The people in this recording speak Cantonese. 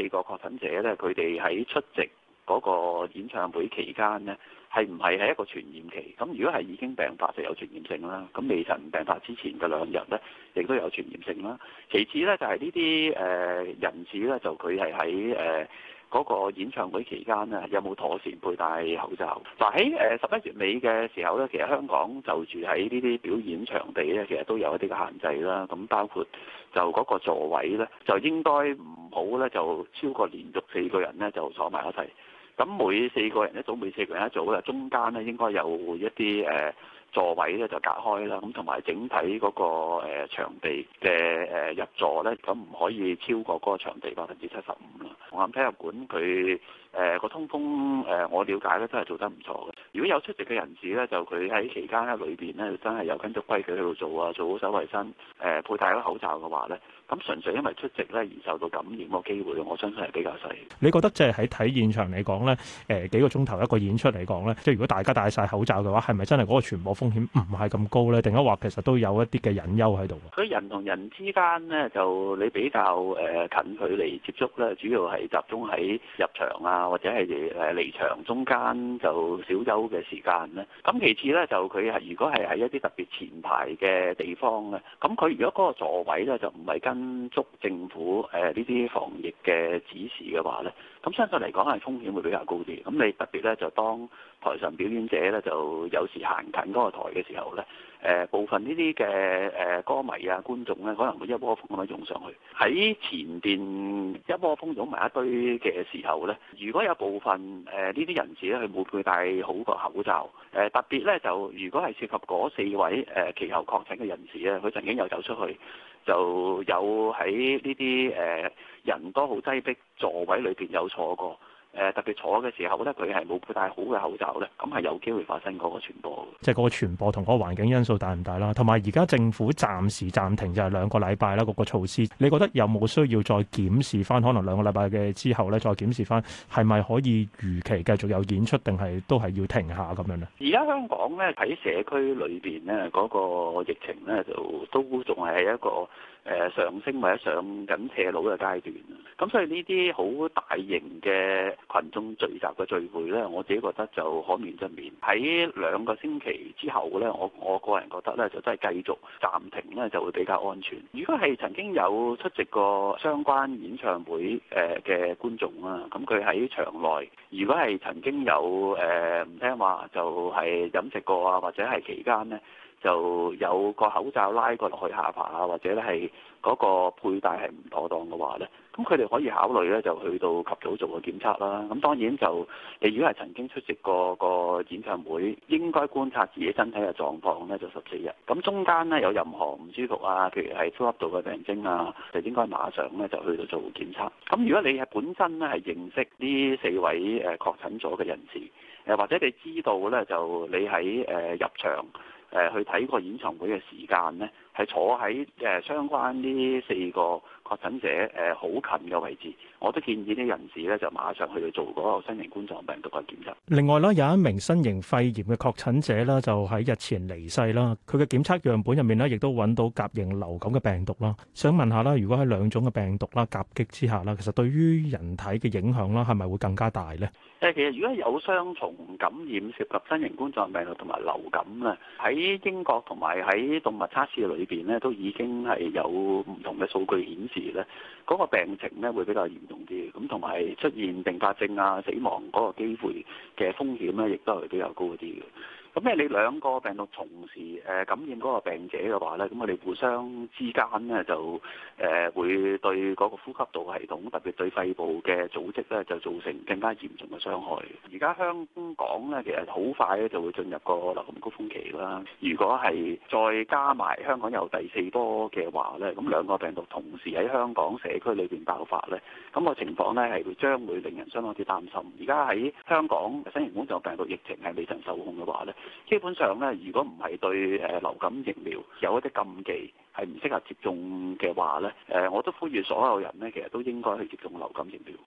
四個確診者咧，佢哋喺出席嗰個演唱會期間咧，係唔係喺一個傳染期？咁如果係已經病發就有傳染性啦。咁未曾病發之前嘅兩日咧，亦都有傳染性啦。其次呢，就係呢啲誒人士咧，就佢係喺誒，呃嗰個演唱會期間咧，有冇妥善佩戴口罩？嗱喺誒十一月尾嘅時候咧，其實香港就住喺呢啲表演場地咧，其實都有一啲嘅限制啦。咁包括就嗰個座位呢，就應該唔好呢，就超過連續四個人呢就坐埋一齊。咁每四個人一組，每四個人一組啊，中間咧應該有一啲誒座位呢就隔開啦。咁同埋整體嗰個誒場地嘅誒入座呢，咁唔可以超過嗰個場地百分之七十五。我諗體育館，佢。誒個通風誒，我了解咧，真係做得唔錯嘅。如果有出席嘅人士咧，就佢喺期間咧裏邊咧，真係有跟足規矩喺度做啊，做好手衞生，誒佩戴咗口罩嘅話咧，咁純粹因為出席咧而受到感染嘅機會，我相信係比較細。你覺得即係喺睇現場嚟講咧，誒幾個鐘頭一個演出嚟講咧，即係如果大家戴晒口罩嘅話，係咪真係嗰個傳播風險唔係咁高咧？定一話其實都有一啲嘅隱憂喺度？佢人同人之間咧，就你比較誒近距離接觸咧，主要係集中喺入場啊。或者係誒離場中間就小休嘅時間咧，咁其次咧就佢係如果係喺一啲特別前排嘅地方咧，咁佢如果嗰個座位咧就唔係跟足政府誒呢啲防疫嘅指示嘅話咧，咁相對嚟講係風險會比較高啲。咁你特別咧就當台上表演者咧就有時行近嗰個台嘅時候咧，誒、呃、部分呢啲嘅誒歌迷啊、觀眾咧，可能會一窩蜂咁樣湧上去。喺前邊一窩蜂湧埋一堆嘅時候咧，如果有部分誒呢啲人士咧，佢冇佩戴好個口罩，誒、呃、特別咧就如果係涉及嗰四位誒其後確診嘅人士啊，佢曾經有走出去，就有喺呢啲誒人多好擠迫座位裏邊有坐過。誒、呃、特別坐嘅時候，覺得佢係冇佩戴好嘅口罩咧，咁係有機會發生嗰個傳播，即係嗰個傳播同嗰個環境因素大唔大啦？同埋而家政府暫時暫停就係兩個禮拜啦，嗰個措施，你覺得有冇需要再檢視翻？可能兩個禮拜嘅之後咧，再檢視翻係咪可以如期繼續有演出，定係都係要停下咁樣咧？而家香港咧喺社區裏邊咧嗰個疫情咧就都仲係係一個誒、呃、上升或者上緊斜路嘅階段。咁所以呢啲好大型嘅。群眾聚集嘅聚會呢，我自己覺得就可免則免。喺兩個星期之後呢，我我個人覺得呢，就真係繼續暫停呢，就會比較安全。如果係曾經有出席過相關演唱會誒嘅觀眾啊，咁佢喺場內，如果係曾經有誒唔、呃、聽話，就係、是、飲食過啊，或者係期間呢。就有個口罩拉過落去下巴啊，或者咧係嗰個佩戴係唔妥當嘅話咧，咁佢哋可以考慮咧就去到及早做個檢測啦。咁當然就你如果係曾經出席過個演唱會，應該觀察自己身體嘅狀況咧，就十四日。咁中間咧有任何唔舒服啊，譬如係呼吸道嘅病徵啊，就應該馬上咧就去到做檢測。咁如果你係本身咧係認識呢四位誒確診咗嘅人士，誒或者你知道咧就你喺誒入場。誒去睇個演唱會嘅時間呢，係坐喺誒相關呢四個確診者誒好近嘅位置，我都建議啲人士咧就馬上去做嗰個新型冠狀病毒嘅檢測。另外咧，有一名新型肺炎嘅確診者呢，就喺日前離世啦。佢嘅檢測樣本入面呢，亦都揾到甲型流感嘅病毒啦。想問下啦，如果喺兩種嘅病毒啦夾擊之下啦，其實對於人體嘅影響啦，係咪會更加大咧？誒，其實如果有雙重感染涉及新型冠狀病毒同埋流感咧，喺英國同埋喺動物測試裏邊咧都已經係有唔同嘅數據顯示咧，嗰個病情咧會比較嚴重啲，咁同埋出現併發症啊、死亡嗰個機會嘅風險咧，亦都係比較高啲嘅。咁你兩個病毒同時，誒，感染嗰個病者嘅話呢，咁我哋互相之間呢，就誒，會對嗰個呼吸道系統，特別對肺部嘅組織呢，就造成更加嚴重嘅傷害。而家香港呢，其實好快咧就會進入個流感高峰期啦。如果係再加埋香港有第四波嘅話呢，咁兩個病毒同時喺香港社區裏邊爆發呢，咁個情況呢係會將會令人相當之擔心。而家喺香港新型冠狀病毒疫情係未曾受控嘅話呢。.基本上咧，如果唔係對誒、呃、流感疫苗有一啲禁忌係唔適合接種嘅話咧，誒、呃、我都呼籲所有人咧，其實都應該去接種流感疫苗。